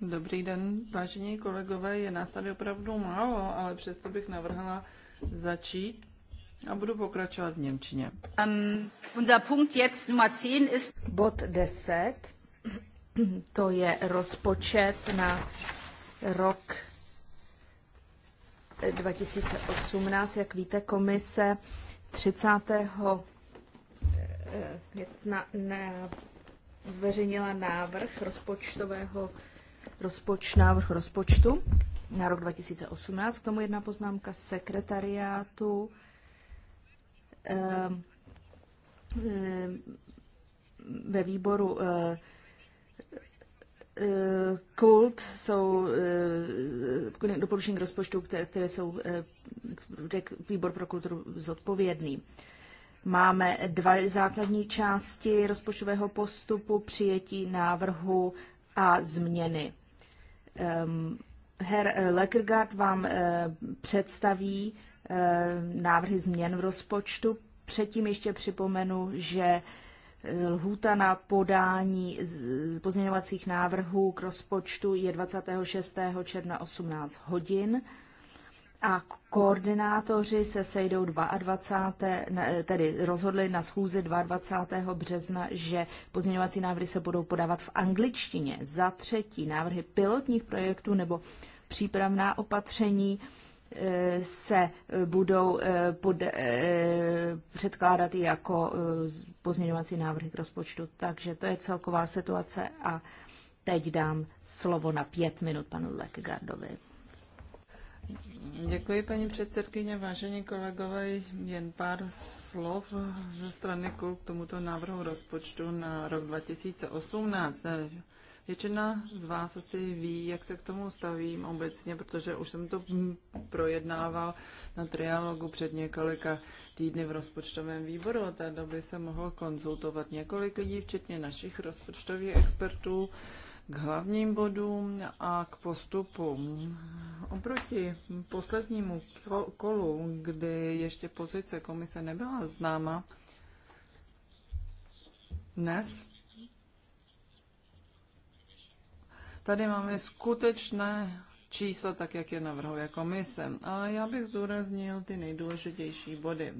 Dobrý den, vážení kolegové, je nás tady opravdu málo, ale přesto bych navrhla začít a budu pokračovat v Němčině. Um, unser Punkt jetzt Nummer 10 ist... Bod 10, to je rozpočet na rok 2018. Jak víte, komise 30 května na, zveřejnila návrh rozpočtového rozpoč, návrh rozpočtu na rok 2018. K tomu jedna poznámka sekretariátu. Ehm, ehm, ve výboru eh, eh, kult jsou eh, doporučení k rozpočtu, které jsou výbor pro kulturu zodpovědný. Máme dva základní části rozpočtového postupu, přijetí návrhu a změny. Herr Leckergard vám eh, představí eh, návrhy změn v rozpočtu. Předtím ještě připomenu, že eh, lhůta na podání pozměňovacích návrhů k rozpočtu je 26. června 18 hodin a koordinátoři se sejdou 22. tedy rozhodli na schůzi 22. března, že pozměňovací návrhy se budou podávat v angličtině. Za třetí návrhy pilotních projektů nebo přípravná opatření e, se budou e, pod, e, předkládat i jako pozměňovací návrhy k rozpočtu. Takže to je celková situace a teď dám slovo na pět minut panu Lekgardovi. Děkuji, paní předsedkyně. Vážení kolegové, jen pár slov ze strany KUL k tomuto návrhu rozpočtu na rok 2018. Většina z vás asi ví, jak se k tomu stavím obecně, protože už jsem to projednával na trialogu před několika týdny v rozpočtovém výboru. Od té doby se mohl konzultovat několik lidí, včetně našich rozpočtových expertů k hlavním a k postupu. Oproti poslednímu kolu, kdy ještě pozice komise nebyla známa, dnes tady máme skutečné čísla tak, jak je navrhuje komise. A já bych zdůraznil ty nejdůležitější body.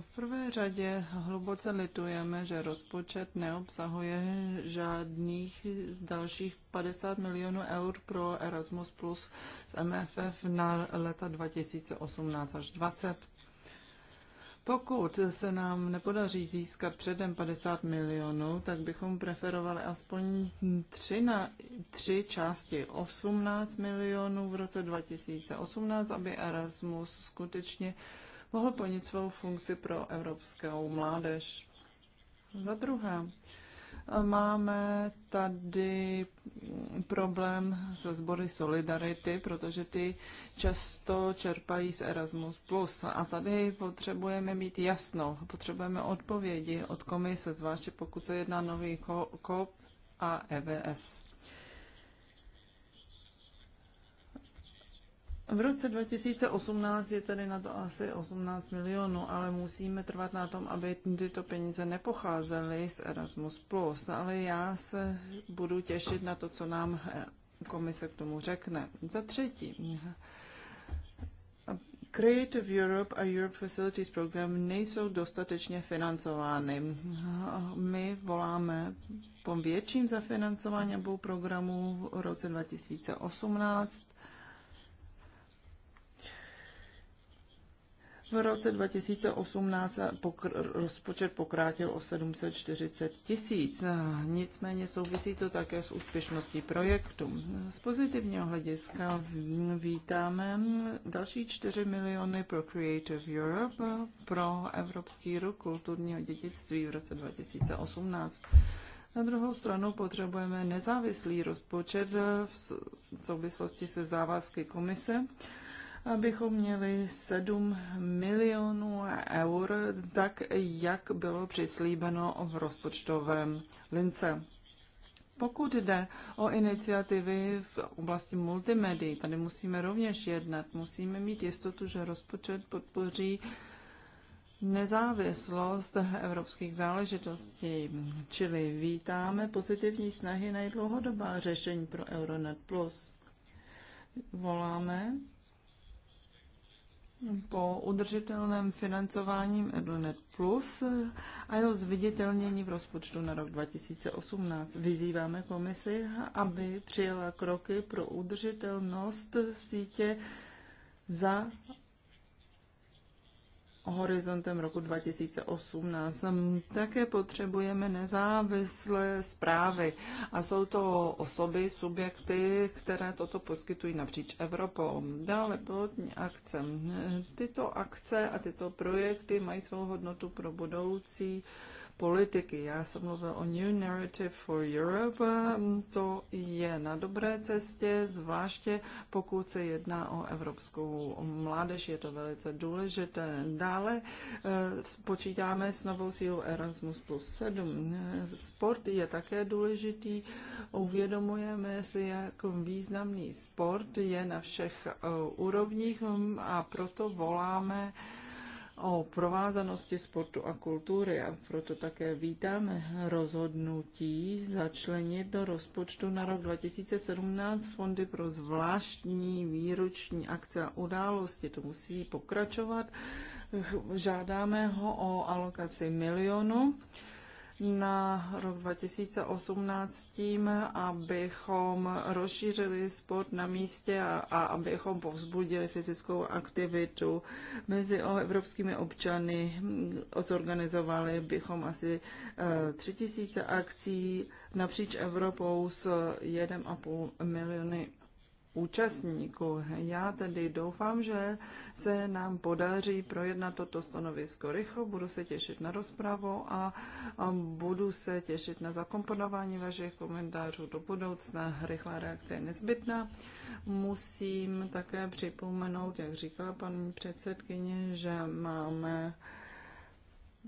V prvé řadě hluboce litujeme, že rozpočet neobsahuje žádných dalších 50 milionů eur pro Erasmus Plus z MFF na leta 2018 až 2020. Pokud se nám nepodaří získat předem 50 milionů, tak bychom preferovali aspoň tři, na, tři části 18 milionů v roce 2018, aby Erasmus skutečně mohl plnit svou funkci pro evropskou mládež. Za druhé, Máme tady problém se sbory Solidarity, protože ty často čerpají z Erasmus+. A tady potřebujeme mít jasno, potřebujeme odpovědi od komise, zvláště pokud se jedná nový KOP a EVS. V roce 2018 je tady na to asi 18 milionů, ale musíme trvat na tom, aby tyto peníze nepocházely z Erasmus+. Ale já se budu těšit na to, co nám eh, komise k tomu řekne. Za třetí, Creative Europe a Europe Facilities Program nejsou dostatečně financovány. My voláme po větším zafinancování obou programů v roce 2018 V roce 2018 pokr- rozpočet pokrátil o 740 tisíc. Nicméně souvisí to také s úspěšností projektu. Z pozitivního hlediska vítáme další 4 miliony pro Creative Europe pro Evropský rok kulturního dědictví v roce 2018. Na druhou stranu potřebujeme nezávislý rozpočet v souvislosti se závazky komise abychom měli 7 milionů eur, tak jak bylo přislíbeno v rozpočtovém lince. Pokud jde o iniciativy v oblasti multimedií, tady musíme rovněž jednat. Musíme mít jistotu, že rozpočet podpoří nezávislost evropských záležitostí, čili vítáme pozitivní snahy na dlouhodobá řešení pro Euronet+. Plus. Voláme po udržitelném financování EduNet Plus a jeho zviditelnění v rozpočtu na rok 2018. Vyzýváme komisi, aby přijela kroky pro udržitelnost sítě za horizontem roku 2018. Také potřebujeme nezávislé zprávy a jsou to osoby, subjekty, které toto poskytují napříč Evropou. Dále pilotní akce. Tyto akce a tyto projekty mají svou hodnotu pro budoucí uh, politiky. Já jsem mluvil o New Narrative for Europe. Mm, to je na dobré cestě, zvláště pokud se jedná o evropskou mládež. Je to velice důležité. Dále eh, počítáme s novou sílou Erasmus plus 7. Sport je také důležitý. Uvědomujeme si, jak významný sport je na všech eh, úrovních mm, a proto voláme o provázanosti sportu a kultury a proto také vítáme rozhodnutí začlenit do rozpočtu na rok 2017 fondy pro zvláštní výroční akce a události. To musí pokračovat. Žádáme ho o alokaci milionu na rok 2018 tím, abychom rozšířili sport na místě a, a abychom povzbudili fyzickou aktivitu mezi evropskými občany. Mm, zorganizovali bychom asi e, tři tisíce akcí napříč Evropou s 1,5 miliony účastníků. Já tedy doufám, že se nám podaří projednat toto stanovisko rychlo, budu se těšit na rozpravu a budu se těšit na zakomponování vašich komentářů do budoucna. Rychlá reakce je nezbytná. Musím také připomenout, jak říkala paní předsedkyně, že máme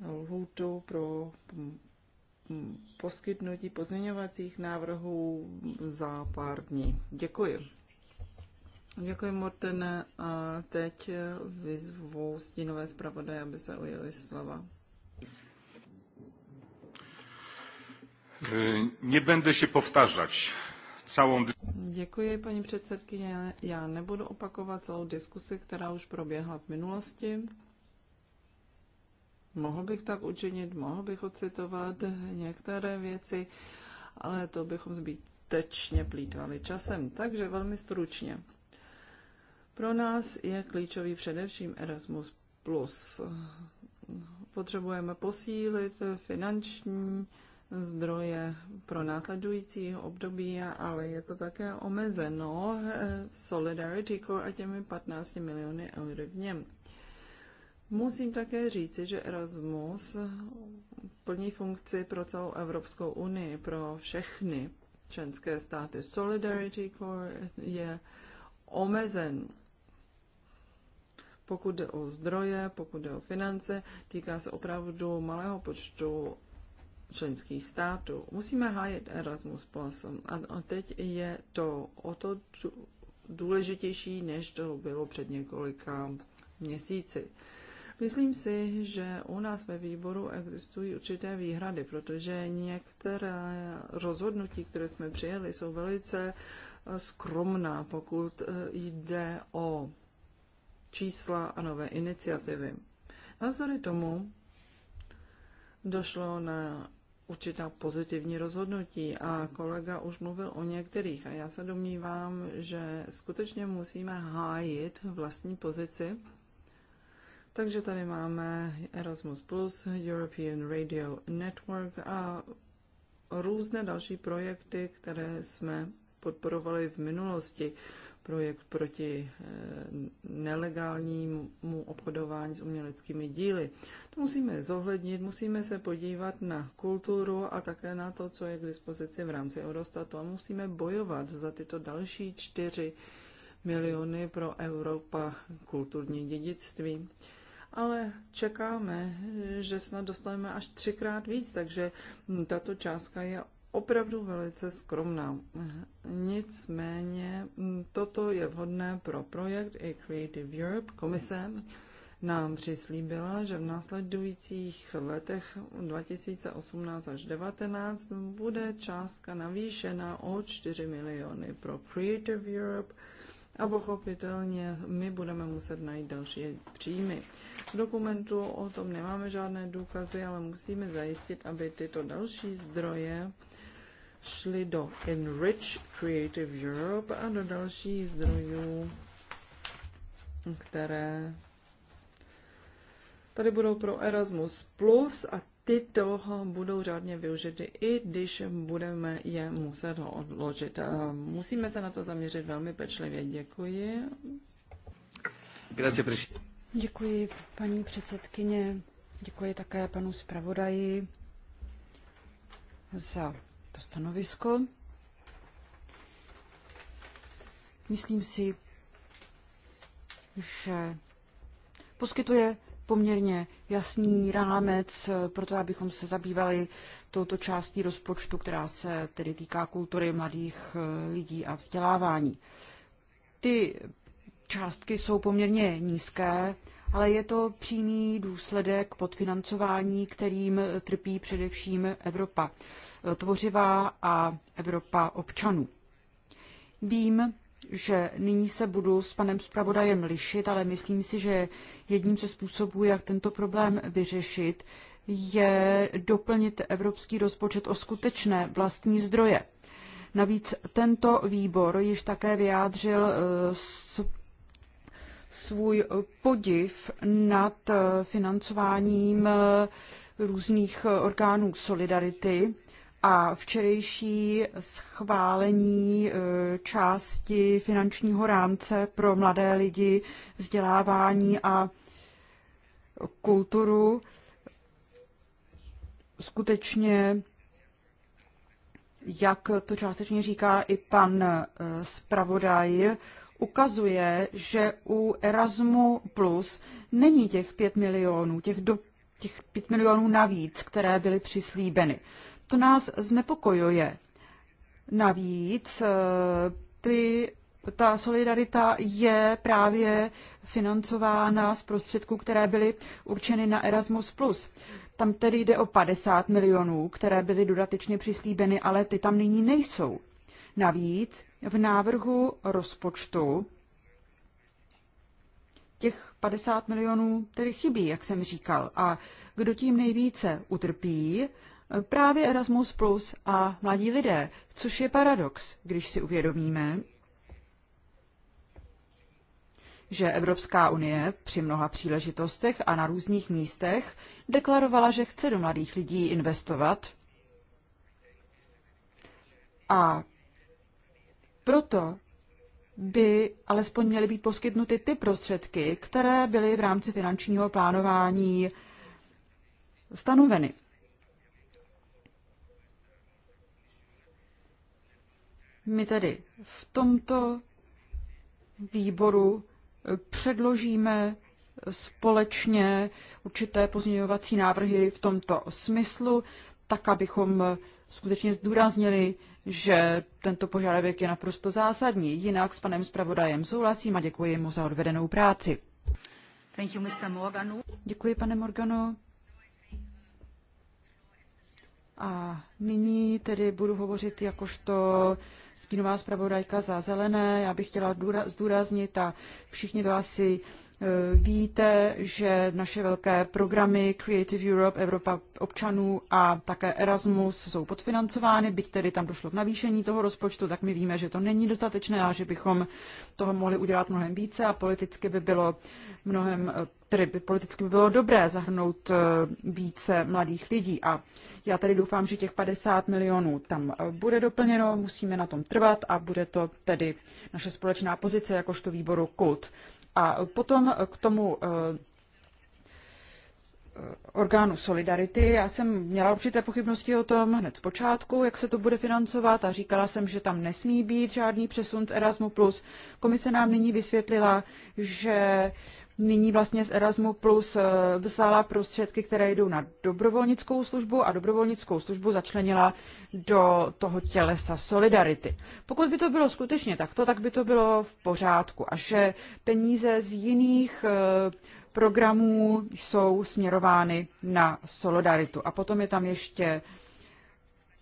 lhůtu pro poskytnutí pozměňovacích návrhů za pár dní. Děkuji. Děkuji, Mortene. A teď vyzvu stínové zpravodaje, aby se ujeli slova. Nebudu se się celou. Děkuji, paní předsedkyně. Já nebudu opakovat celou diskusi, která už proběhla v minulosti. Mohl bych tak učinit, mohl bych ocitovat některé věci, ale to bychom zbytečně plítvali časem. Takže velmi stručně. Pro nás je klíčový především Erasmus+. Potřebujeme posílit finanční zdroje pro následující období, ale je to také omezeno Solidarity Core a těmi 15 miliony eur v něm. Musím také říci, že Erasmus plní funkci pro celou Evropskou unii, pro všechny členské státy. Solidarity Core je omezen pokud jde o zdroje, pokud jde o finance, týká se opravdu malého počtu členských států. Musíme hájit Erasmus Plus a teď je to o to důležitější, než to bylo před několika měsíci. Myslím si, že u nás ve výboru existují určité výhrady, protože některé rozhodnutí, které jsme přijeli, jsou velice eh, skromná, pokud eh, jde o čísla a nové iniciativy. Navzdory tomu došlo na určitá pozitivní rozhodnutí a kolega už mluvil o některých a já se domnívám, že skutečně musíme hájit vlastní pozici. Takže tady máme Erasmus+, European Radio Network a různé další projekty, které jsme podporovali v minulosti projekt proti eh, nelegálnímu obchodování s uměleckými díly. To musíme zohlednit, musíme se podívat na kulturu a také na to, co je k dispozici v rámci Eurostatu a musíme bojovat za tyto další čtyři miliony pro Evropa kulturní dědictví. Ale čekáme, že snad dostaneme až třikrát víc, takže tato částka je opravdu velice skromná. Nicméně mm, toto je vhodné pro projekt i Creative Europe. Komise nám přislíbila, že v následujících letech 2018 až 2019 bude částka navýšena o 4 miliony pro Creative Europe a pochopitelně my budeme muset najít další příjmy. V dokumentu o tom nemáme žádné důkazy, ale musíme zajistit, aby tyto další zdroje šli do Enrich Creative Europe a do dalších zdrojů, které tady budou pro Erasmus Plus a ty toho budou řádně využity, i když budeme je muset ho odložit. Musíme se na to zaměřit velmi pečlivě. Děkuji. Děkuji, paní předsedkyně. Děkuji také panu zpravodaji za to stanovisko. Myslím si, že poskytuje poměrně jasný rámec pro to, abychom se zabývali touto částí rozpočtu, která se tedy týká kultury mladých eh, lidí a vzdělávání. Ty částky jsou poměrně nízké ale je to přímý důsledek podfinancování, kterým trpí především Evropa tvořivá a Evropa občanů. Vím, že nyní se budu s panem zpravodajem lišit, ale myslím si, že jedním ze způsobů, jak tento problém vyřešit, je doplnit evropský rozpočet o skutečné vlastní zdroje. Navíc tento výbor již také vyjádřil eh, svůj podiv nad eh, financováním eh, různých eh, orgánů solidarity a včerejší schválení části finančního rámce pro mladé lidi, vzdělávání a kulturu skutečně, jak to částečně říká i pan zpravodaj, ukazuje, že u Erasmu Plus není těch 5 milionů, těch, do, těch 5 milionů navíc, které byly přislíbeny. To nás znepokojuje. Navíc eh, ty, ta solidarita je právě financována z prostředků, které byly určeny na Erasmus+. Plus. Tam tedy jde o 50 milionů, které byly dodatečně přislíbeny, ale ty tam nyní nejsou. Navíc v návrhu rozpočtu těch 50 milionů tedy chybí, jak jsem říkal. A kdo tím nejvíce utrpí, právě Erasmus Plus a mladí lidé, což je paradox, když si uvědomíme, že Evropská unie při mnoha příležitostech a na různých místech deklarovala, že chce do mladých lidí investovat. A proto by alespoň měly být poskytnuty ty prostředky, které byly v rámci finančního plánování stanoveny. My tedy v tomto výboru předložíme společně určité pozměňovací návrhy v tomto smyslu, tak abychom skutečně zdůraznili že tento požadavek je naprosto zásadní. Jinak s panem zpravodajem souhlasím a děkuji mu za odvedenou práci. Thank you, Mr. Morganu. Děkuji, pane Morganu. A nyní tedy budu hovořit jakožto stínová zpravodajka za zelené. Já bych chtěla zdůraznit a všichni to asi Víte, že naše velké programy Creative Europe, Evropa občanů a také Erasmus jsou podfinancovány, byť tedy tam došlo k navýšení toho rozpočtu, tak my víme, že to není dostatečné a že bychom toho mohli udělat mnohem více a politicky by bylo mnohem tedy by politicky by bylo dobré zahrnout eh, více mladých lidí. A já tady doufám, že těch 50 milionů tam eh, bude doplněno, musíme na tom trvat a bude to tedy naše společná pozice jakožto výboru KULT. A potom k tomu eh, eh, orgánu Solidarity. Já jsem měla určité pochybnosti o tom hned z počátku, jak se to bude financovat a říkala jsem, že tam nesmí být žádný přesun z Erasmu+. Komise nám nyní vysvětlila, že nyní vlastně z Erasmu Plus eh, vzala prostředky, které jdou na dobrovolnickou službu a dobrovolnickou službu začlenila do toho tělesa Solidarity. Pokud by to bylo skutečně takto, tak by to bylo v pořádku. A že peníze z jiných eh, programů jsou směrovány na Solidaritu. A potom je tam ještě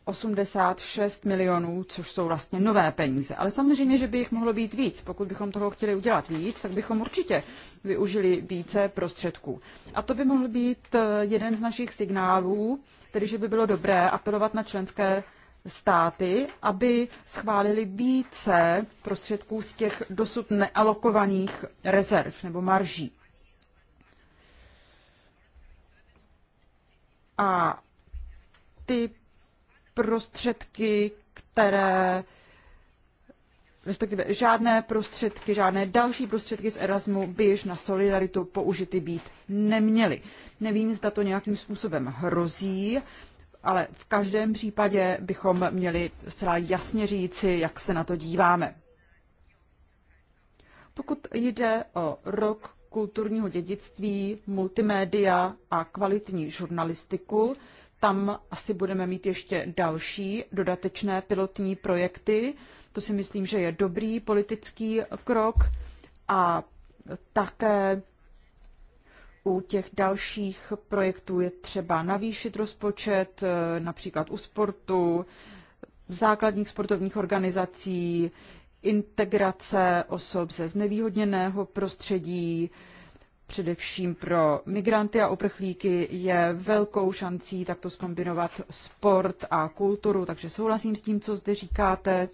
86 milionů, což jsou vlastně nové peníze. Ale samozřejmě, že by jich mohlo být víc. Pokud bychom toho chtěli udělat víc, tak bychom určitě využili více prostředků. A to by mohl být eh, jeden z našich signálů, tedy že by bylo dobré apelovat na členské státy, aby schválili více prostředků z těch dosud nealokovaných rezerv nebo marží. A ty prostředky, které respektive žádné prostředky, žádné další prostředky z Erasmu by již na solidaritu použity být neměly. Nevím, zda to nějakým způsobem hrozí, ale v každém případě bychom měli zcela jasně říci, jak se na to díváme. Pokud jde o rok kulturního dědictví, multimédia a kvalitní žurnalistiku, tam asi budeme mít ještě další dodatečné pilotní projekty. To si myslím, že je dobrý politický krok a také u těch dalších projektů je třeba navýšit rozpočet, eh, například u sportu, základních sportovních organizací, integrace osob ze znevýhodněného prostředí, především pro migranty a uprchlíky je velkou šancí takto skombinovat sport a kulturu, takže souhlasím s tím, co zde říkáte.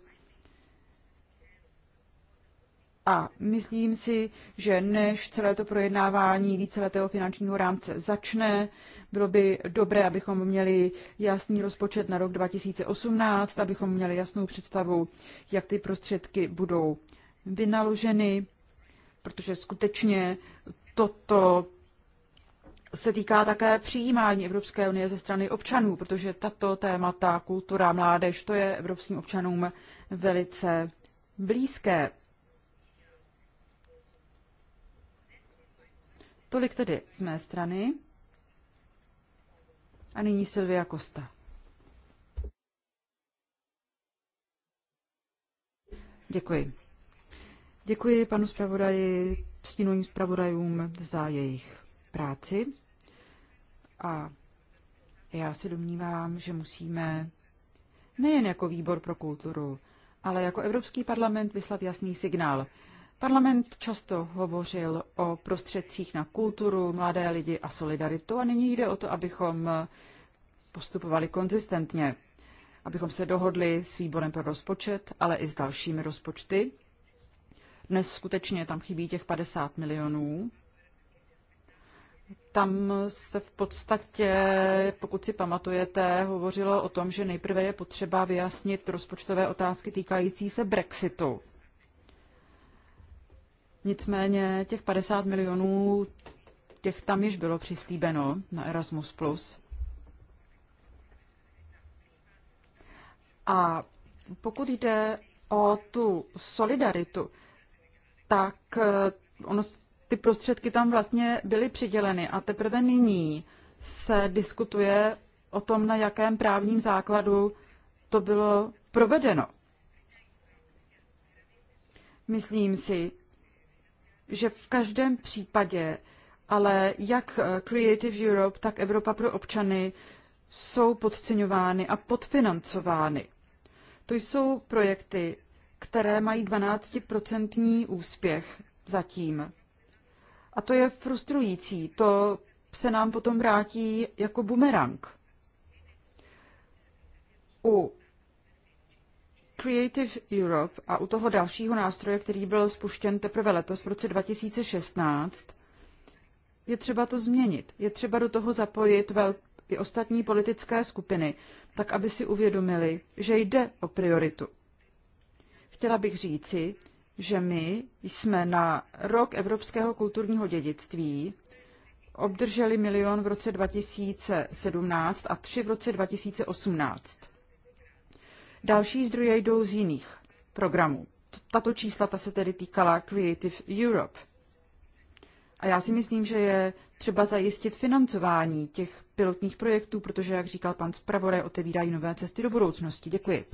A myslím si, že než celé to projednávání víceletého finančního rámce začne, bylo by dobré, abychom měli jasný rozpočet na rok 2018, abychom měli jasnou představu, jak ty prostředky budou vynaloženy, protože skutečně toto se týká také přijímání Evropské unie ze strany občanů, protože tato témata, kultura, mládež, to je evropským občanům velice blízké. Tolik tedy z mé strany. A nyní Silvia Kosta. Děkuji. Děkuji panu zpravodaji stínovým zpravodajům za jejich práci. A já si domnívám, že musíme nejen jako výbor pro kulturu, ale jako Evropský parlament vyslat jasný signál. Parlament často hovořil o prostředcích na kulturu, mladé lidi a solidaritu a nyní jde o to, abychom postupovali konzistentně, abychom se dohodli s výborem pro rozpočet, ale i s dalšími rozpočty, dnes skutečně tam chybí těch 50 milionů. Tam se v podstatě, pokud si pamatujete, hovořilo o tom, že nejprve je potřeba vyjasnit rozpočtové otázky týkající se Brexitu. Nicméně těch 50 milionů, těch tam již bylo přislíbeno na Erasmus+. A pokud jde o tu solidaritu, tak eh, ono, ty prostředky tam vlastně byly přiděleny a teprve nyní se diskutuje o tom, na jakém právním základu to bylo provedeno. Myslím si, že v každém případě, ale jak eh, Creative Europe, tak Evropa pro občany jsou podceňovány a podfinancovány. To jsou projekty, které mají 12% úspěch zatím. A to je frustrující. To se nám potom vrátí jako bumerang. U Creative Europe a u toho dalšího nástroje, který byl spuštěn teprve letos v roce 2016, je třeba to změnit. Je třeba do toho zapojit vel- i ostatní politické skupiny, tak aby si uvědomili, že jde o prioritu. Chtěla bych říci, že my jsme na rok evropského kulturního dědictví obdrželi milion v roce 2017 a tři v roce 2018. Další zdroje jdou z jiných programů. Tato čísla ta se tedy týkala Creative Europe. A já si myslím, že je třeba zajistit financování těch pilotních projektů, protože, jak říkal pan zpravodaj, otevírají nové cesty do budoucnosti. Děkuji.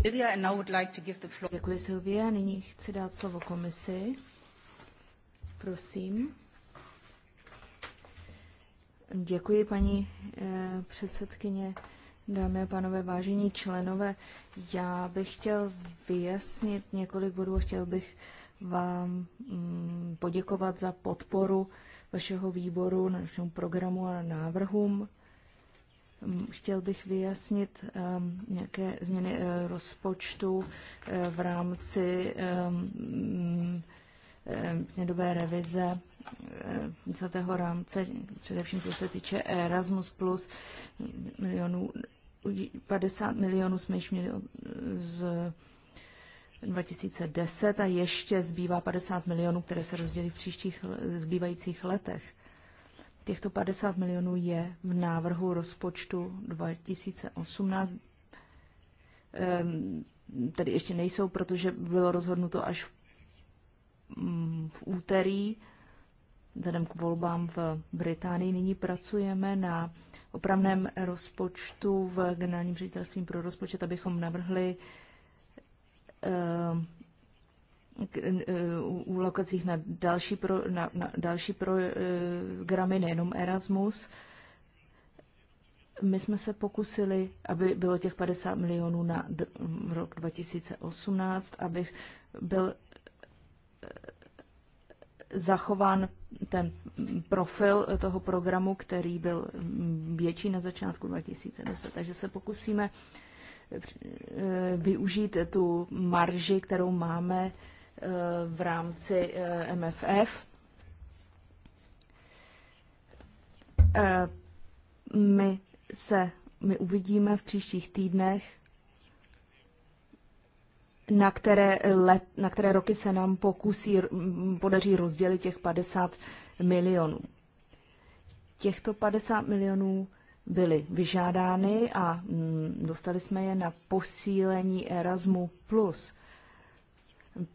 Děkuji, Silvia. Nyní chci dát slovo komisi. Prosím. Děkuji, paní eh, předsedkyně, dámy a pánové, vážení členové. Já bych chtěl vyjasnit několik bodů a chtěl bych vám mm, poděkovat za podporu vašeho výboru, na našemu programu a návrhům. Mm, chtěl bych vyjasnit um, nějaké změny uh, rozpočtu uh, v rámci um, měnové revize celého rámce, především co se týče Erasmus+, plus milionů, 50 milionů jsme již měli z 2010 a ještě zbývá 50 milionů, které se rozdělí v příštích zbývajících letech. Těchto 50 milionů je v návrhu rozpočtu 2018 ehm, tedy ještě nejsou, protože bylo rozhodnuto až v, mm, v úterý, vzhledem k volbám v Británii. Nyní pracujeme na opravném rozpočtu v Generálním ředitelství pro rozpočet, abychom navrhli Eh, k, eh, u lokacích na další, pro, na, na další programy, nejenom Erasmus. My jsme se pokusili, aby bylo těch 50 milionů na d, rok 2018, aby byl eh, zachován ten profil toho programu, který byl větší na začátku 2010. Takže se pokusíme uh, Eh, využít tu marži, kterou máme eh, v rámci eh, MFF. My se my uvidíme v příštích týdnech, na které, let, na které roky se nám pokusí, mm, podaří rozdělit těch 50 milionů. Těchto 50 milionů byly vyžádány a mm, dostali jsme je na posílení Erasmu+.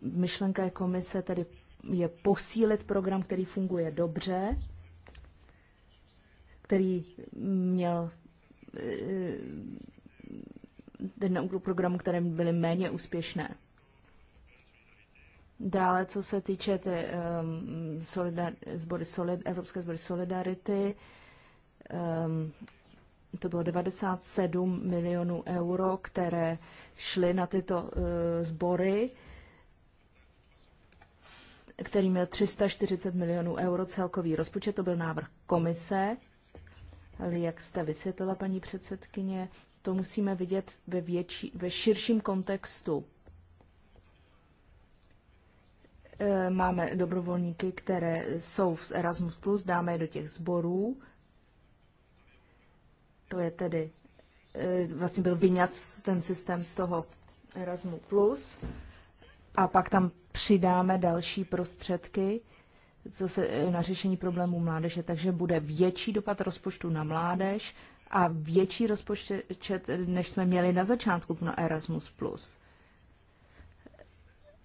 Myšlenka komise tedy je posílit program, který funguje dobře, který měl eh, ten program, úkol které byly méně úspěšné. Dále, co se týče ty, um, ehm, solidar, zbory solid, Evropské sbory solidarity, um, to bylo 97 milionů euro, které šly na tyto eh, sbory, který měl 340 milionů euro celkový rozpočet. To byl návrh komise, ale jak jste vysvětlila, paní předsedkyně, to musíme vidět ve, větší, ve širším kontextu. Eh, máme dobrovolníky, které jsou z Erasmus+, dáme je do těch sborů, to je tedy, e, vlastně byl vyňat ten systém z toho Erasmu+, Plus, a pak tam přidáme další prostředky co se, e, na řešení problémů mládeže, takže bude větší dopad rozpočtu na mládež a větší rozpočet, než jsme měli na začátku na Erasmus+. Plus.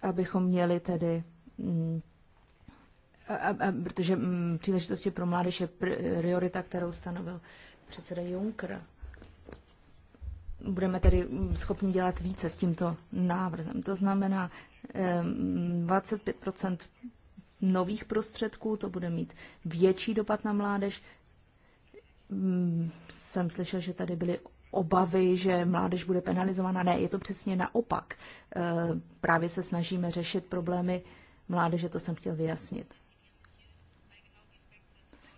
Abychom měli tedy mm, a, a, protože m, mm, příležitosti pro mládež je priorita, kterou stanovil předseda Juncker. Budeme tedy schopni dělat více s tímto návrhem. To znamená 25 nových prostředků, to bude mít větší dopad na mládež. Jsem slyšel, že tady byly obavy, že mládež bude penalizována. Ne, je to přesně naopak. Právě se snažíme řešit problémy mládeže, to jsem chtěl vyjasnit.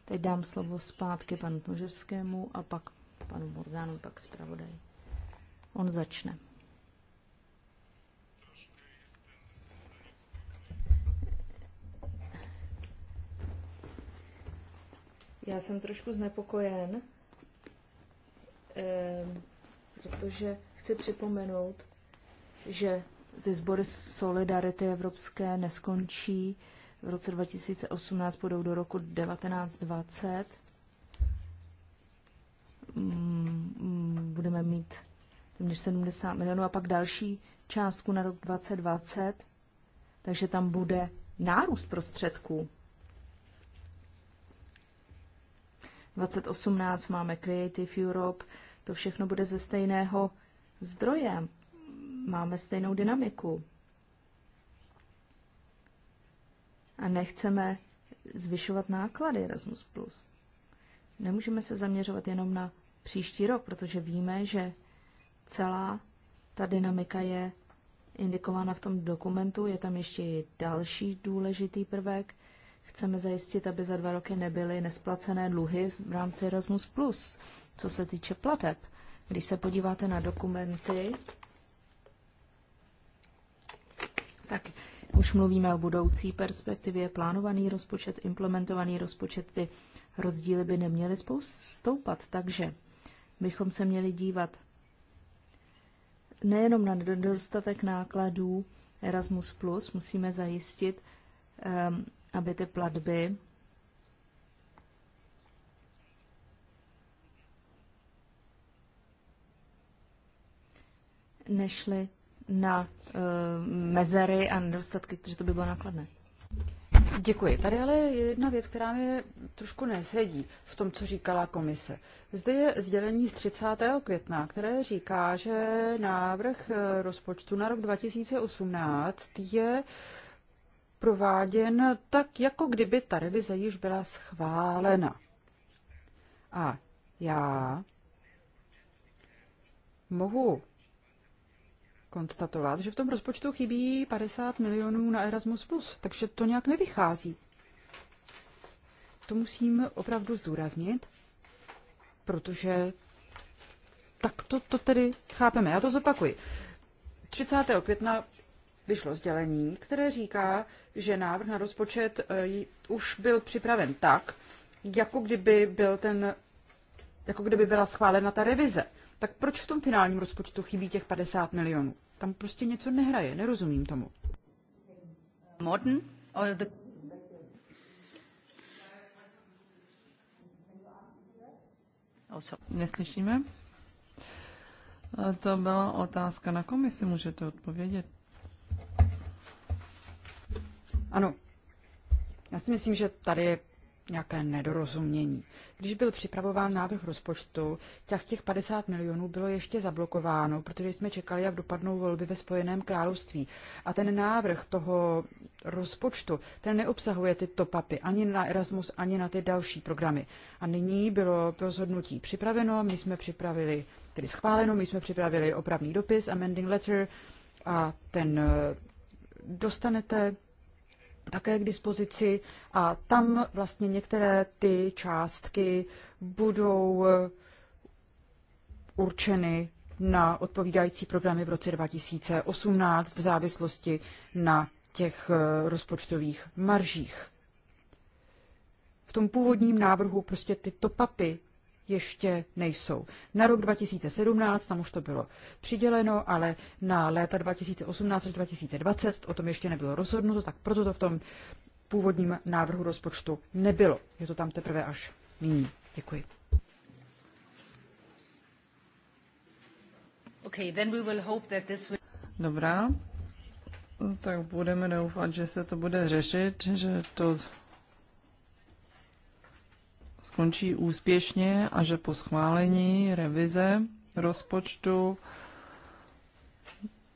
Teď dám slovo zpátky panu Tnoževskému a pak panu Morgánu, pak zpravodaj. On začne. Já jsem trošku znepokojen, ehm, protože chci připomenout, že ty sbory Solidarity Evropské neskončí v roce 2018 půjdou do roku 1920. Mm, budeme mít téměř 70 milionů a pak další částku na rok 2020, takže tam bude nárůst prostředků. 2018 máme Creative Europe, to všechno bude ze stejného zdroje. Máme stejnou dynamiku. a nechceme zvyšovat náklady Erasmus+. Nemůžeme se zaměřovat jenom na příští rok, protože víme, že celá ta dynamika je indikována v tom dokumentu. Je tam ještě i další důležitý prvek. Chceme zajistit, aby za dva roky nebyly nesplacené dluhy v rámci Erasmus+, co se týče plateb. Když se podíváte na dokumenty, tak už mluvíme o budoucí perspektivě, plánovaný rozpočet, implementovaný rozpočet, ty rozdíly by neměly stoupat, takže bychom se měli dívat nejenom na nedostatek nákladů Erasmus+, musíme zajistit, ehm, aby ty platby nešly na eh, mezery a nedostatky, protože to by bylo nákladné. Děkuji. Tady ale je jedna věc, která mi trošku nesedí v tom, co říkala komise. Zde je sdělení z 30. května, které říká, že návrh eh, rozpočtu na rok 2018 je prováděn tak, jako kdyby ta revize již byla schválena. A já mohu konstatovat, že v tom rozpočtu chybí 50 milionů na Erasmus+, takže to nějak nevychází. To musím opravdu zdůraznit, protože tak to, to tedy chápeme. Já to zopakuji. 30. května vyšlo sdělení, které říká, že návrh na rozpočet eh, už byl připraven tak, jako kdyby, byl ten, jako kdyby byla schválena ta revize tak proč v tom finálním rozpočtu chybí těch 50 milionů? Tam prostě něco nehraje, nerozumím tomu. Morten? Or oh, the... Oh, Neslyšíme? To byla otázka na komisi, můžete odpovědět. Ano, já si myslím, že tady je nějaké nedorozumění. Když byl připravován návrh rozpočtu, těch těch 50 milionů bylo ještě zablokováno, protože jsme čekali, jak dopadnou volby ve Spojeném království. A ten návrh toho rozpočtu, ten neobsahuje ty topapy ani na Erasmus, ani na ty další programy. A nyní bylo rozhodnutí připraveno, my jsme připravili, tedy schváleno, my jsme připravili opravný dopis, amending letter, a ten eh, dostanete také k dispozici a tam vlastně některé ty částky budou eh, určeny na odpovídající programy v roce 2018 v závislosti na těch eh, rozpočtových maržích. V tom původním návrhu prostě ty topapy ještě nejsou. Na rok 2017 tam už to bylo přiděleno, ale na léta 2018 až 2020 o tom ještě nebylo rozhodnuto, tak proto to v tom původním návrhu rozpočtu nebylo. Je to tam teprve až nyní. Děkuji. Okay, then we will hope that this will... Dobrá, tak budeme doufat, že se to bude řešit, že to skončí úspěšně a že po schválení revize rozpočtu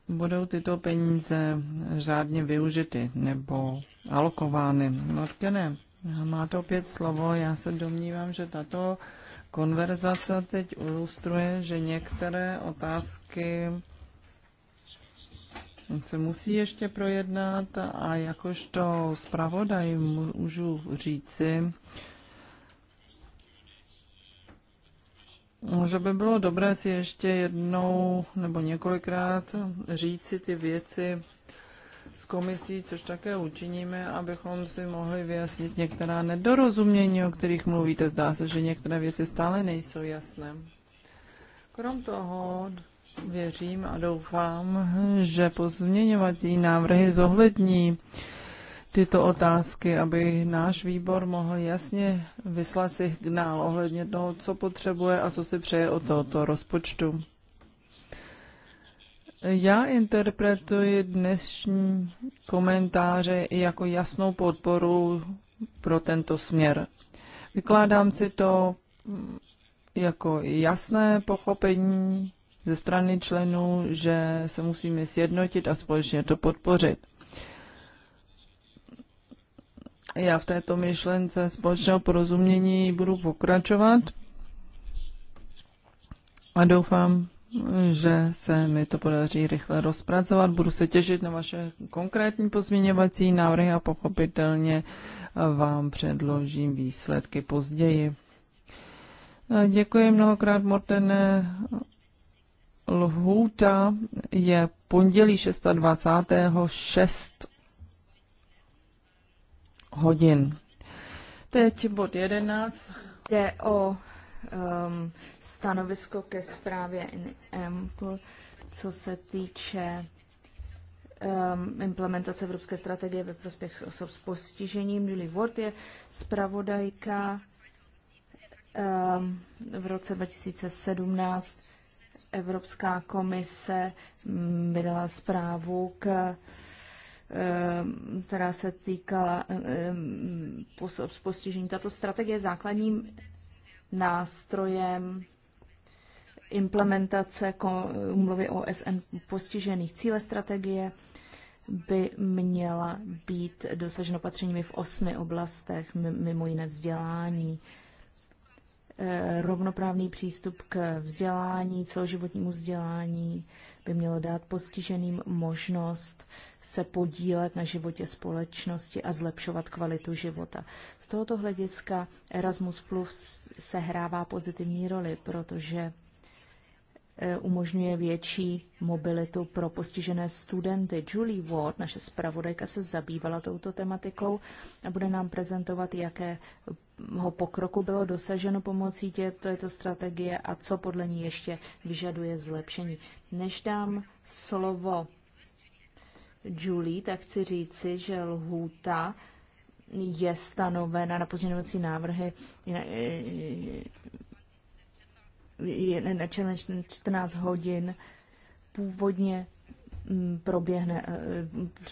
budou tyto peníze řádně využity nebo alokovány. Norkene, máte opět slovo. Já se domnívám, že tato konverzace teď ilustruje, že některé otázky se musí ještě projednat a jakožto zpravodaj můžu říci, že by bylo dobré si ještě jednou nebo několikrát říci ty věci s komisí, což také učiníme, abychom si mohli vyjasnit některá nedorozumění, o kterých mluvíte. Zdá se, že některé věci stále nejsou jasné. Krom toho věřím a doufám, že pozměňovací návrhy zohlední tyto otázky, aby náš výbor mohl jasně vyslat si signál ohledně toho, co potřebuje a co si přeje o tohoto rozpočtu. Já interpretuji dnešní komentáře jako jasnou podporu pro tento směr. Vykládám si to jako jasné pochopení ze strany členů, že se musíme sjednotit a společně to podpořit. Já v této myšlence společného porozumění budu pokračovat a doufám, že se mi to podaří rychle rozpracovat. Budu se těšit na vaše konkrétní pozměňovací návrhy a pochopitelně vám předložím výsledky později. Děkuji mnohokrát, Mortene. Lhůta je pondělí 26. 6 hodin. Teď bod 11. Jde o um, stanovisko ke zprávě INEMPL, co se týče um, implementace Evropské strategie ve prospěch osob s postižením. Julie Ward je zpravodajka um, v roce 2017 Evropská komise mm, vydala zprávu k Eh, která se týkala eh, eh, postižení. Tato strategie je základním nástrojem implementace umluvy OSN postižených. Cíle strategie by měla být dosaženo opatřeními v osmi oblastech, mimo jiné vzdělání, Eh, rovnoprávný přístup k vzdělání, celoživotnímu vzdělání by mělo dát postiženým možnost se podílet na životě společnosti a zlepšovat kvalitu života. Z tohoto hlediska Erasmus Plus sehrává pozitivní roli, protože eh, umožňuje větší mobilitu pro postižené studenty. Julie Ward, naše zpravodajka, se zabývala touto tematikou a bude nám prezentovat, jaké pokroku bylo dosaženo pomocí této strategie a co podle ní ještě vyžaduje zlepšení. Než dám slovo Julie, tak chci říci, že lhůta je stanovena na pozměňovací návrhy je na 14 hodin. Původně mm, proběhne e,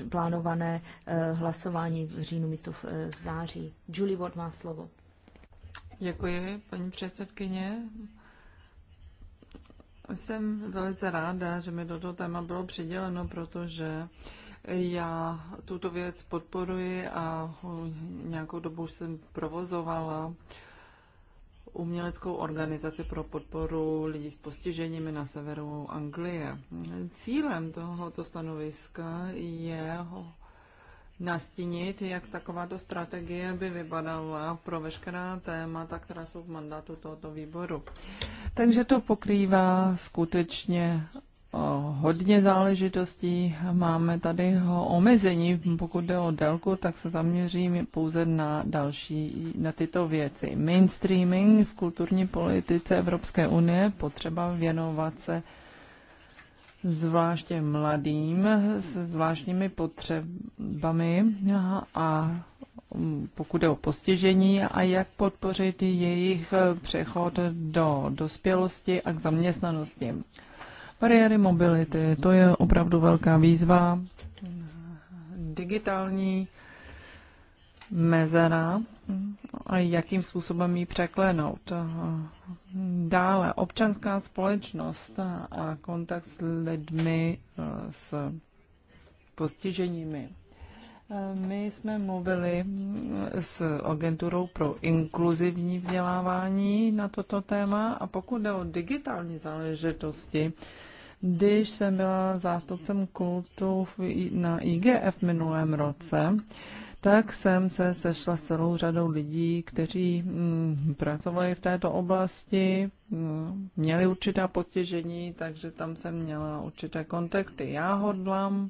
plánované e, hlasování v říjnu místo v e, září. Julie Ward má slovo. Děkuji, paní předsedkyně. Jsem velice ráda, že mi toto téma bylo přiděleno, protože já tuto věc podporuji a nějakou dobu jsem provozovala uměleckou organizaci pro podporu lidí s postiženími na severu Anglie. Cílem tohoto stanoviska je nastínit, jak takováto strategie by vypadala pro veškerá témata, která jsou v mandátu tohoto výboru. Takže to pokrývá skutečně eh, hodně záležitostí. Máme tady omezení, pokud jde o délku, tak se zaměřím pouze na další, na tyto věci. Mainstreaming v kulturní politice Evropské unie, potřeba věnovat se zvláště mladým se zvláštními potřebami a pokud je o postižení a jak podpořit jejich přechod do dospělosti a k zaměstnanosti. Bariéry mobility, to je opravdu velká výzva. Digitální mezera a jakým způsobem ji překlenout. Dále občanská společnost a kontakt s lidmi eh, s postiženími. Eh, my jsme mluvili s agenturou pro inkluzivní vzdělávání na toto téma a pokud jde o digitální záležitosti, když jsem byla zástupcem kultu na IGF minulém roce, tak jsem se sešla s celou řadou lidí, kteří mm, pracovali v této oblasti, mm, měli určitá postižení, takže tam jsem měla určité kontakty. Já hodlám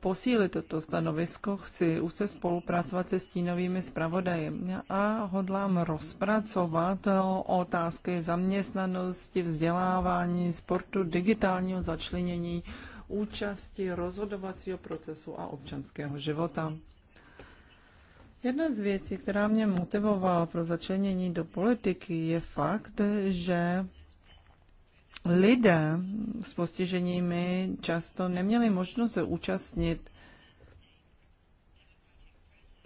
posílit toto stanovisko, chci úzce spolupracovat se stínovými zpravodaji a hodlám rozpracovat otázky zaměstnanosti, vzdělávání, sportu, digitálního začlenění, účasti, rozhodovacího procesu a občanského života. Jedna z věcí, která mě motivovala pro začlenění do politiky, je fakt, že lidé s postiženími často neměli možnost se účastnit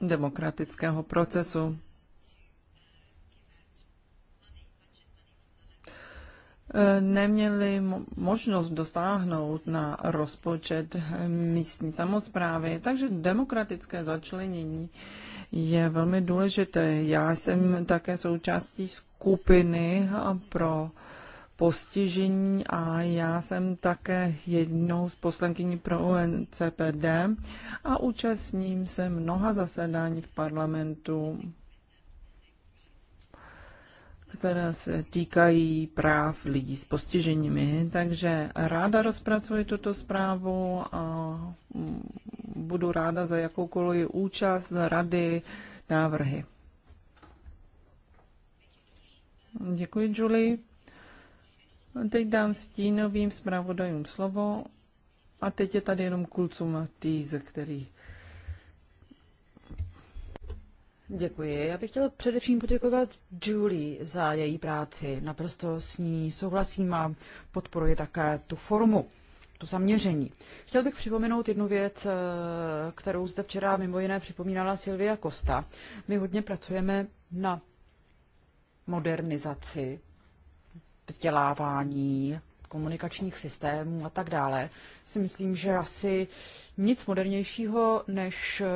demokratického procesu. neměli možnost dosáhnout na rozpočet místní samozprávy, takže demokratické začlenění je velmi důležité. Já jsem také součástí skupiny pro postižení a já jsem také jednou z poslankyní pro UNCPD a účastním se mnoha zasedání v parlamentu, které se týkají práv lidí s postiženími. Takže ráda rozpracuji tuto zprávu a mm, budu ráda za jakoukoliv účast, rady, návrhy. Děkuji, Julie. Teď dám stínovým zpravodajům slovo a teď je tady jenom Kulcuma Týz, který Děkuji. Já bych chtěla především poděkovat Julie za její práci. Naprosto s ní souhlasím a podporuji také tu formu, to zaměření. Chtěl bych připomenout jednu věc, eh, kterou zde včera mimo jiné připomínala Silvia Kosta. My hodně pracujeme na modernizaci vzdělávání komunikačních systémů a tak dále, si myslím, že asi nic modernějšího než eh,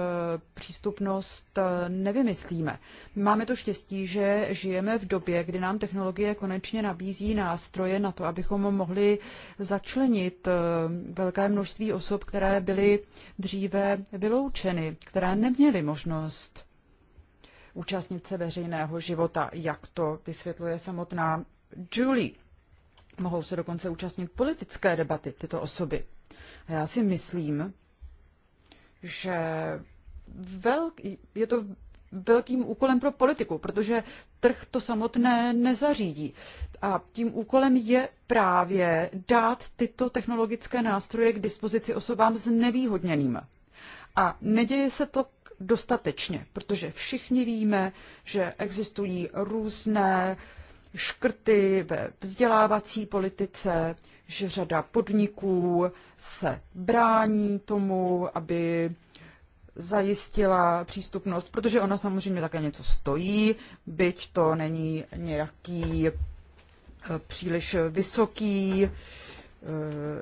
přístupnost eh, nevymyslíme. Máme to štěstí, že žijeme v době, kdy nám technologie konečně nabízí nástroje na to, abychom mohli začlenit eh, velké množství osob, které byly dříve vyloučeny, které neměly možnost účastnit se veřejného života, jak to vysvětluje samotná Julie. Mohou se dokonce účastnit politické debaty tyto osoby. A já si myslím, že velk, je to velkým úkolem pro politiku, protože trh to samotné nezařídí. A tím úkolem je právě dát tyto technologické nástroje k dispozici osobám znevýhodněným. A neděje se to dostatečně, protože všichni víme, že existují různé uh, škrty ve vzdělávací politice, že řada podniků se brání tomu, aby zajistila přístupnost, protože ona samozřejmě také něco stojí, byť to není nějaký eh, příliš vysoký eh,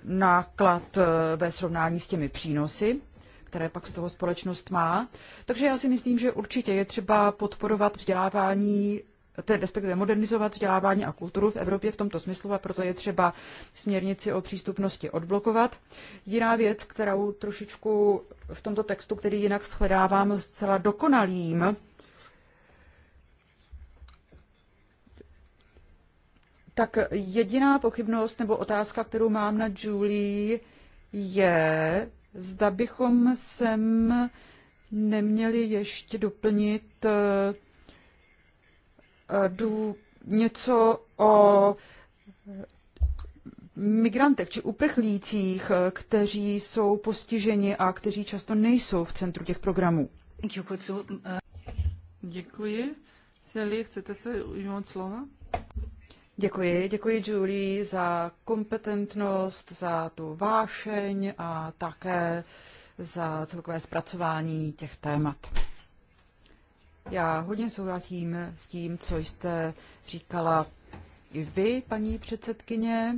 náklad eh, ve srovnání s těmi přínosy, které pak z toho společnost má. Takže já si myslím, že určitě je třeba podporovat vzdělávání tedy respektive modernizovat vzdělávání a kulturu v Evropě v tomto smyslu a proto je třeba směrnici o přístupnosti odblokovat. Jiná věc, kterou trošičku v tomto textu, který jinak shledávám zcela dokonalým, tak jediná pochybnost nebo otázka, kterou mám na Julie, je, zda bychom sem neměli ještě doplnit uh, dů, něco o migrantech či uprchlících, kteří jsou postiženi a kteří často nejsou v centru těch programů. Děkuji. Sally, chcete se ujmout slova? Děkuji, děkuji Julie za kompetentnost, za tu vášeň a také za celkové zpracování těch témat. Já hodně souhlasím s tím, co jste říkala i vy, paní předsedkyně.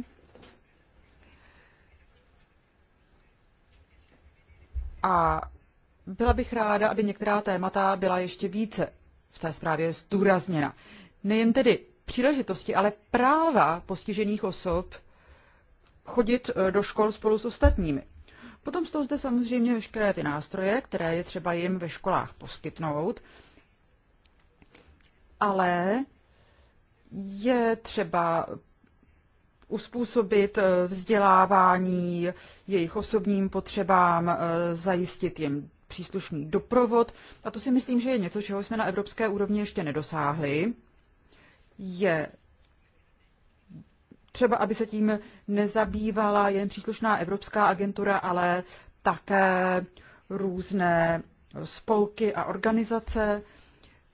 A byla bych ráda, aby některá témata byla ještě více v té zprávě zdůrazněna. Nejen tedy příležitosti, ale práva postižených osob chodit eh, do škol spolu s ostatními. Potom jsou zde samozřejmě veškeré ty nástroje, které je třeba jim ve školách poskytnout, ale je třeba uspůsobit eh, vzdělávání jejich osobním potřebám, eh, zajistit jim příslušný doprovod. A to si myslím, že je něco, čeho jsme na evropské úrovni ještě nedosáhli. Je třeba, aby se tím nezabývala jen příslušná evropská agentura, ale také různé spolky a organizace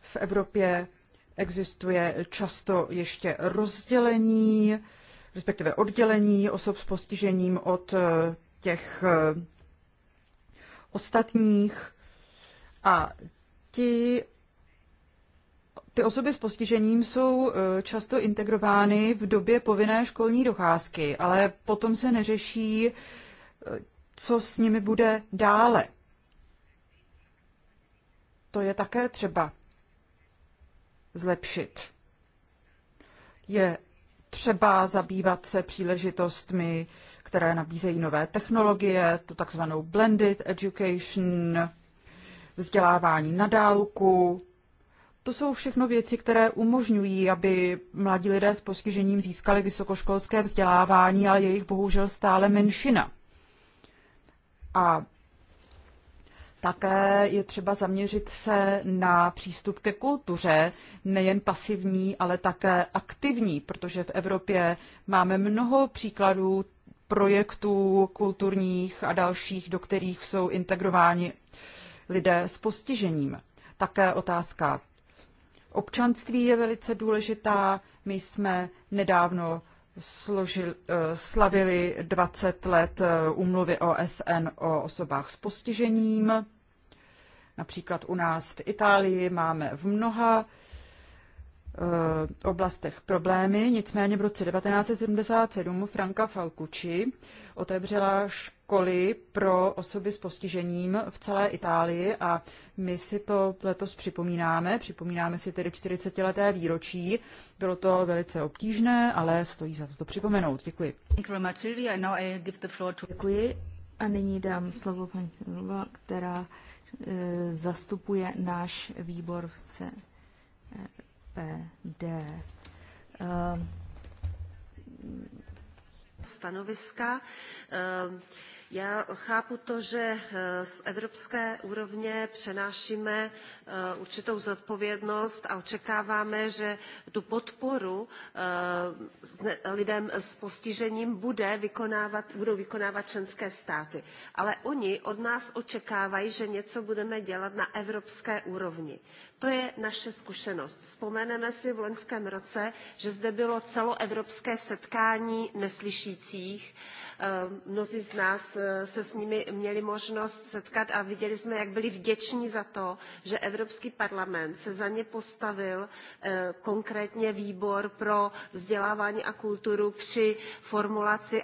v Evropě, Existuje často ještě rozdělení, respektive oddělení osob s postižením od eh, těch eh, ostatních a ti ty osoby s postižením jsou eh, často integrovány v době povinné školní docházky, ale potom se neřeší, co s nimi bude dále. To je také třeba zlepšit. Je třeba zabývat se příležitostmi, které nabízejí nové technologie, tu takzvanou blended education, vzdělávání na dálku. To jsou všechno věci, které umožňují, aby mladí lidé s postižením získali vysokoškolské vzdělávání, ale je jich bohužel stále menšina. A také je třeba zaměřit se na přístup ke kultuře, nejen pasivní, ale také aktivní, protože v Evropě máme mnoho příkladů projektů kulturních a dalších, do kterých jsou integrováni lidé s postižením. Také otázka občanství je velice důležitá. My jsme nedávno složil, eh, slavili 20 let eh, úmluvy OSN o osobách s postižením. Například u nás v Itálii máme v mnoha Eh, oblastech problémy, nicméně v roce 1977 Franka Falkuči otevřela školy pro osoby s postižením v celé Itálii a my si to letos připomínáme, připomínáme si tedy 40-leté výročí. Bylo to velice obtížné, ale stojí za to to připomenout. Děkuji. Eh, Děkuji a nyní dám slovo paní Ruba, která e, zastupuje náš výbor v CR. SPD. Eh, stanoviska. Eh, já chápu to, že eh, z evropské úrovně přenášíme určitou zodpovědnost a očekáváme, že tu podporu lidem s postižením bude vykonávat, budou vykonávat členské státy. Ale oni od nás očekávají, že něco budeme dělat na evropské úrovni. To je naše zkušenost. Vzpomeneme si v loňském roce, že zde bylo celoevropské setkání neslyšících. Eh, mnozí z nás eh, se s nimi měli možnost setkat a viděli jsme, jak byli vděční za to, že Evropský parlament se za ně postavil, eh, konkrétně výbor pro vzdělávání a kulturu při formulaci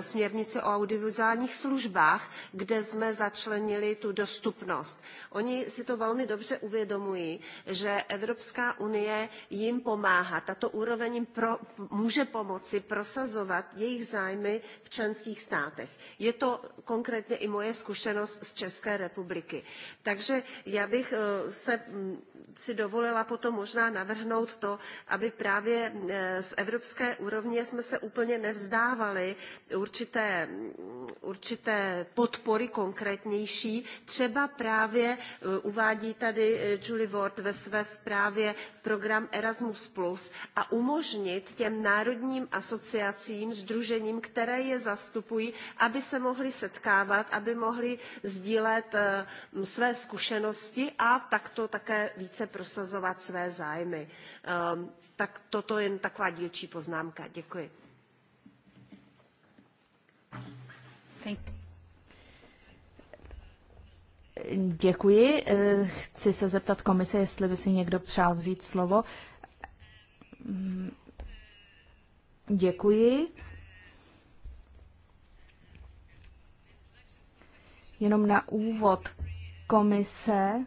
směrnice o audiovizuálních službách, kde jsme začlenili tu dostupnost. Oni si to velmi dobře uvědomují, že Evropská unie jim pomáhá. Tato úroveň jim pro, může pomoci prosazovat jejich zájmy v členských státech. Je to konkrétně i moje zkušenost z České republiky. Takže já bych eh, se, mm, si dovolila potom možná navrhnout to, aby právě eh, z evropské úrovně jsme se úplně nevzdávali určité, mm, určité podpory konkrétnější. Třeba právě eh, uvádí tady Julie Ward ve své zprávě program Erasmus a umožnit těm národním asociacím, združením, které je zastupují, aby se mohli setkávat, aby mohli sdílet eh, své zkušenosti a takto také více prosazovat své zájmy. Ehm, tak toto je jen taková dílčí poznámka. Děkuji. Thank you. Děkuji. Eh, chci se zeptat komise, jestli by si někdo přál vzít slovo. Mm, děkuji. Jenom na úvod komise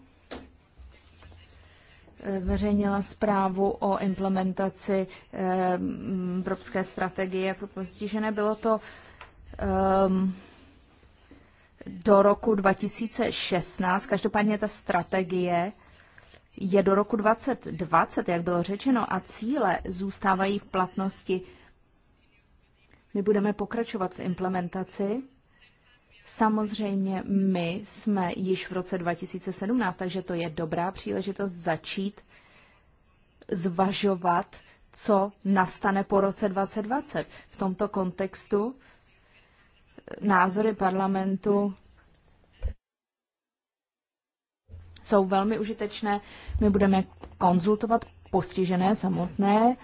eh, zveřejnila zprávu o implementaci eh, evropské strategie pro postižené. Bylo to um, do roku 2016. Každopádně ta strategie je do roku 2020, jak bylo řečeno, a cíle zůstávají v platnosti. My budeme pokračovat v implementaci. Samozřejmě my jsme již v roce 2017, takže to je dobrá příležitost začít zvažovat, co nastane po roce 2020. V tomto kontextu názory parlamentu jsou velmi užitečné. My budeme konzultovat postižené samotné,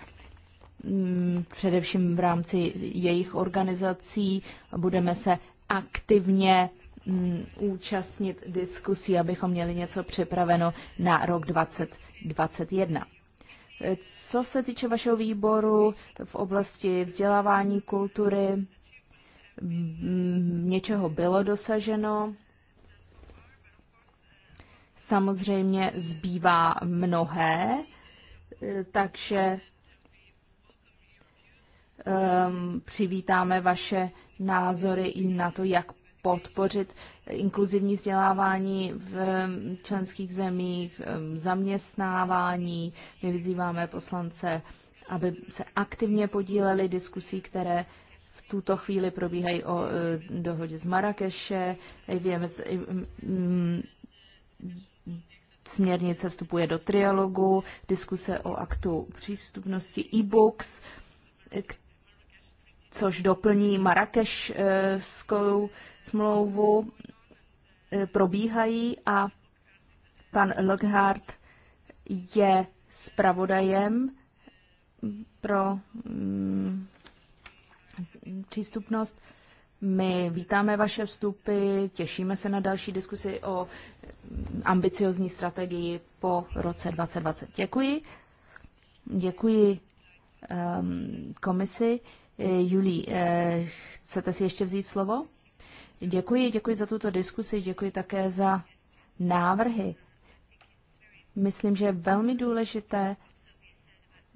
mm, především v rámci jejich organizací. Budeme se aktivně mm, účastnit diskusí, abychom měli něco připraveno na rok 2021. Co se týče vašeho výboru v oblasti vzdělávání kultury, něčeho bylo dosaženo. Samozřejmě zbývá mnohé, eh, takže um, přivítáme vaše názory i na to, jak podpořit inkluzivní vzdělávání v ehm, členských zemích, ehm, zaměstnávání. My vyzýváme poslance, aby se aktivně podíleli diskusí, které tuto chvíli probíhají o e, dohodě z Marrakeše, m, mm, směrnice vstupuje do trialogu, diskuse o aktu přístupnosti e-books, což doplní e, smlouvu, probíhají a pan Lockhart je zpravodajem pro mm, přístupnost. My vítáme vaše vstupy, těšíme se na další diskusi o ambiciozní strategii po roce 2020. Děkuji. Děkuji um, komisi. Juli, eh, chcete si ještě vzít slovo? Děkuji, děkuji za tuto diskusi, děkuji také za návrhy. Myslím, že je velmi důležité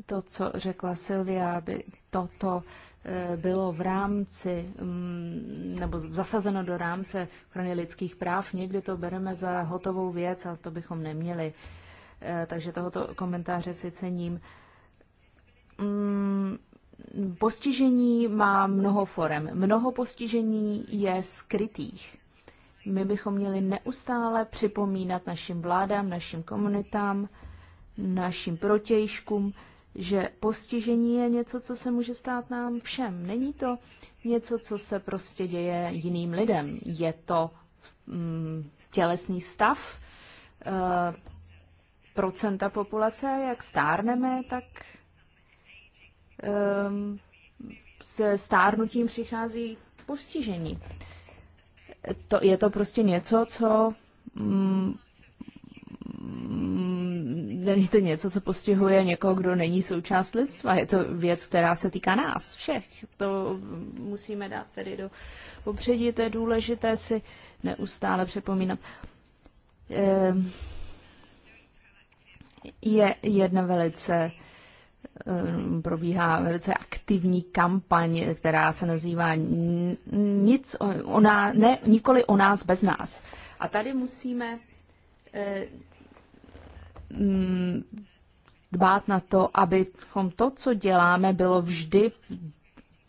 to, co řekla Silvia, aby toto Eh, bylo v rámci, mm, nebo zasazeno do rámce ochrany lidských práv. Někdy to bereme za hotovou věc a to bychom neměli. Eh, takže tohoto komentáře si cením. Mm, postižení má mnoho forem. Mnoho postižení je skrytých. My bychom měli neustále připomínat našim vládám, našim komunitám, našim protějškům, že postižení je něco, co se může stát nám všem. Není to něco, co se prostě děje jiným lidem. Je to mm, tělesný stav e, procenta populace jak stárneme, tak e, se stárnutím přichází postižení. To, je to prostě něco, co mm, Mm, není to něco, co postihuje někoho, kdo není součást lidstva. Je to věc, která se týká nás všech. To musíme dát tedy do popředí. To je důležité si neustále připomínat. Ehm, je jedna velice ehm, probíhá velice aktivní kampaň, která se nazývá nic o, o ná, ne, nikoli o nás bez nás. A tady musíme eh, Mm, dbát na to, abychom to, co děláme, bylo vždy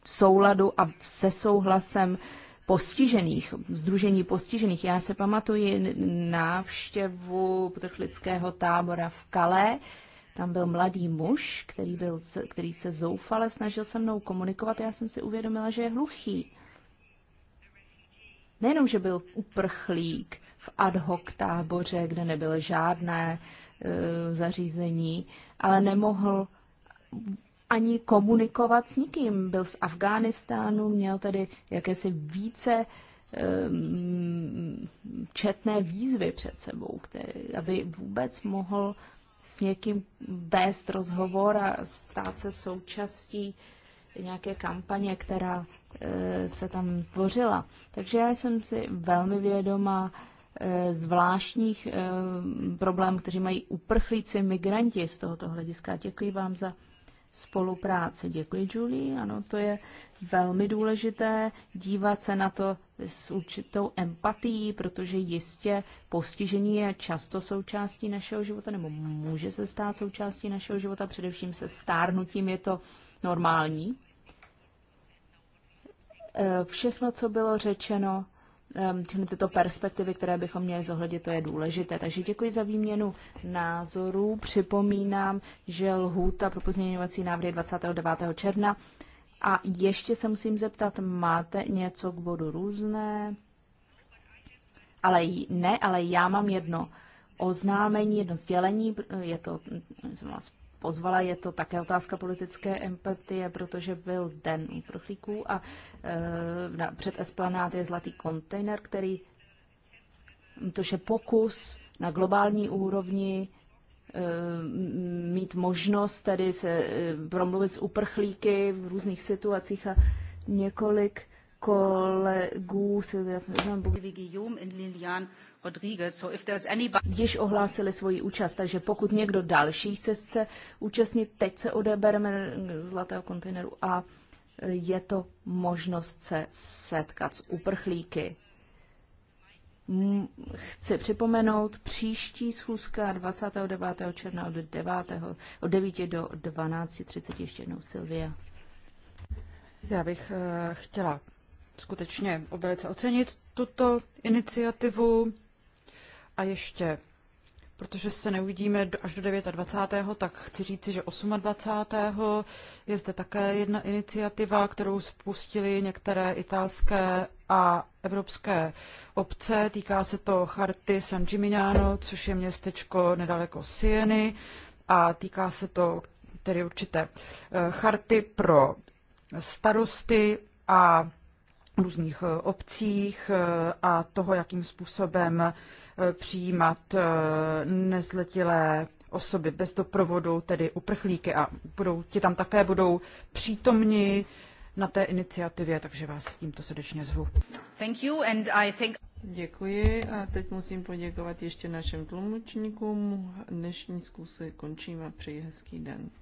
v souladu a se souhlasem postižených, Združení postižených. Já se pamatuji návštěvu potrchlického tábora v Kale. Tam byl mladý muž, který, byl, který se zoufale snažil se mnou komunikovat já jsem si uvědomila, že je hluchý. Nejenom, že byl uprchlík v ad hoc táboře, kde nebyl žádné zařízení, ale nemohl ani komunikovat s nikým. Byl z Afghánistánu, měl tedy jakési více četné výzvy před sebou, který, aby vůbec mohl s někým vést rozhovor a stát se součástí nějaké kampaně, která eh, se tam tvořila. Takže já jsem si velmi vědoma Eh, zvláštních eh, problémů, kteří mají uprchlíci, migranti z tohoto hlediska. Děkuji vám za spolupráci. Děkuji, Julie. Ano, to je velmi důležité dívat se na to s určitou empatií, protože jistě postižení je často součástí našeho života, nebo může se stát součástí našeho života, především se stárnutím je to normální. Eh, všechno, co bylo řečeno, Ehm, všechny tyto perspektivy, které bychom měli zohledit, to je důležité. Takže děkuji za výměnu názorů. Připomínám, že lhůta pro pozměňovací návrhy 29. června. A ještě se musím zeptat, máte něco k bodu různé? Ale ne, ale já mám jedno oznámení, jedno sdělení, je to jsem vás pozvala. Je to také otázka politické empatie, protože byl den uprchlíků a eh, na, před esplanát je zlatý kontejner, který, to je pokus na globální úrovni eh, mít možnost tedy se eh, promluvit s uprchlíky v různých situacích a několik kolegů Silvia již ohlásili svoji účast, takže pokud někdo další chce se účastnit, teď se odebereme zlatého kontejneru a je to možnost se setkat s uprchlíky. Chci připomenout, příští schůzka 29. června od, 9. od 9 do 12.30. Ještě jednou Silvia. Já bych eh, chtěla skutečně velice ocenit tuto iniciativu. A ještě, protože se neuvidíme až do 29., tak chci říci, že 28. je zde také jedna iniciativa, kterou spustili některé italské a evropské obce. Týká se to Charty San Gimignano, což je městečko nedaleko Sieny a týká se to tedy určité eh, charty pro starosty a různých eh, obcích eh, a toho, jakým způsobem eh, přijímat nezletilé osoby bez doprovodu, tedy uprchlíky a budou, ti tam také budou přítomni na té iniciativě, takže vás tímto srdečně zvu. Thank you and I think... Děkuji a teď musím poděkovat ještě našim tlumočníkům. Dnešní zkusy končíme. Přeji hezký den.